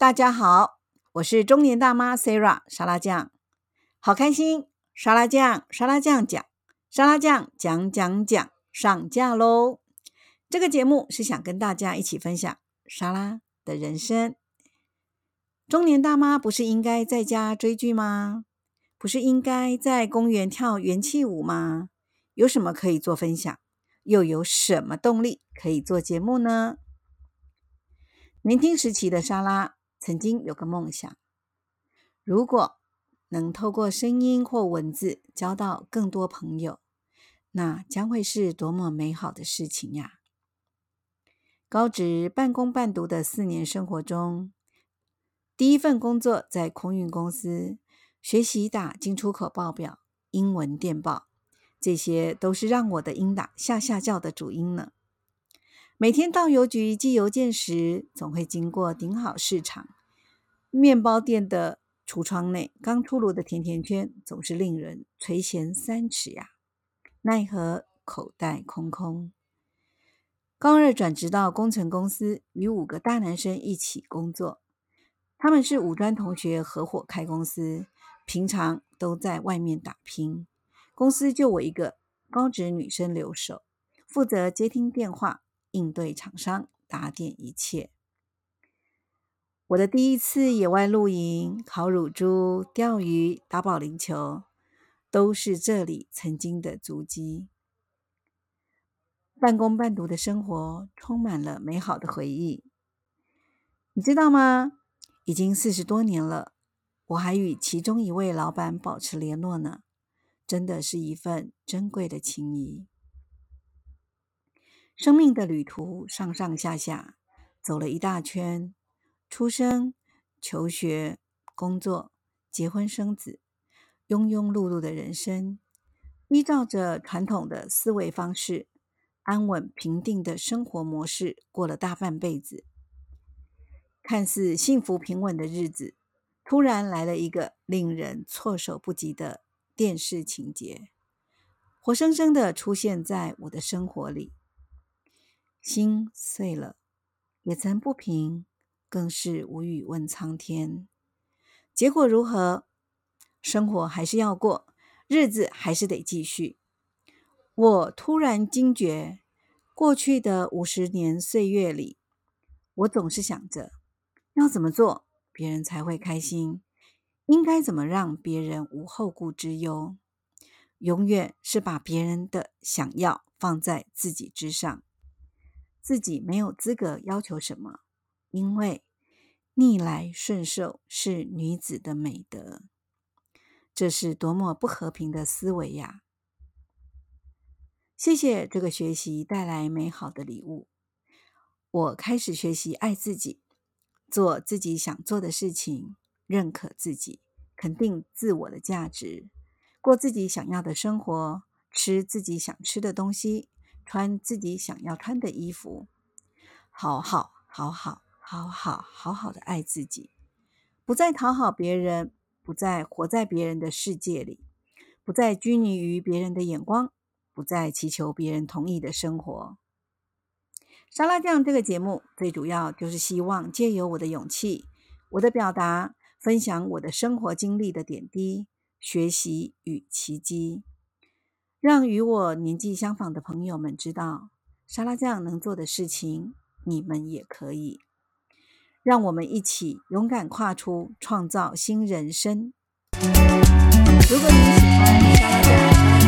大家好，我是中年大媽 Sara 沙拉醬，好開心！沙拉醬沙拉醬講沙拉醬講講講上架嘍！這個節目是想跟大家一起分享沙拉的人生。中年大媽不是應該在家追劇嗎？不是應該在公園跳元氣舞嗎？有什麼可以做分享？又有什麼動力可以做節目呢？年輕時期的沙拉。曾經有個夢想，如果能透過聲音或文字交到更多朋友，那將會是多麼美好的事情呀，啊！高職半工半讀的四年生活中，第一份工作在空運公司，學習打進出口報表、英文電報，這些都是讓我的英打嚇嚇叫的主因呢。每天到郵局寄郵件時，總會經過頂好市場麵包店的櫥窗內，剛出爐的甜甜圈總是令人垂涎三尺呀，奈何口袋空空。高二轉職到工程公司，與五個大男生一起工作。他們是五專同學合夥開公司，平常都在外面打拼。公司就我一個高職女生留守，負責接聽電話。應對廠商，打點一切。我的第一次野外露營、烤乳豬、釣魚、打保齡球，都是這裡曾經的足跡。半工半讀的生活充滿了美好的回憶。你知道嗎？已經四十多年了，我還與其中一位老闆保持聯絡呢，真的是一份珍貴的情誼。生命的旅途上上下下，走了一大圈，出生、求學、工作、結婚生子，庸庸碌碌的人生，依照着傳統的思維方式，安穩平定的生活模式，過了大半輩子，看似幸福平穩的日子，突然來了一個令人措手不及的電視情節，活生生的出現在我的生活裡。心碎了，也曾不平，更是無語問蒼天。結果如何？生活還是要過，日子還是得繼續。我突然驚覺，過去的五十年歲月裡，我總是想着要怎麼做，別人才會開心；應該怎麼讓別人無後顧之憂？永遠是把別人的想要放在自己之上。自己沒有資格要求什麼，因為逆來順受是女子的美德。這是多麼不和平的思維呀！謝謝這個學習帶來美好的禮物。我開始學習愛自己，做自己想做的事情，認可自己，肯定自我的價值，過自己想要的生活，吃自己想吃的東西。穿自己想要穿的衣服，好好好好好好好好的愛自己，不再討好別人，不再活在別人的世界裡，不再拘泥於別人的眼光，不再祈求別人同意的生活。沙拉醬這個節目最主要就是希望借由我的勇氣、我的表達，分享我的生活經歷的點滴、學習與奇蹟。讓與我年紀相仿的朋友們知道，沙拉醬能做的事情，你們也可以。讓我們一起勇敢跨出創造新人生。如果你喜歡沙拉醬。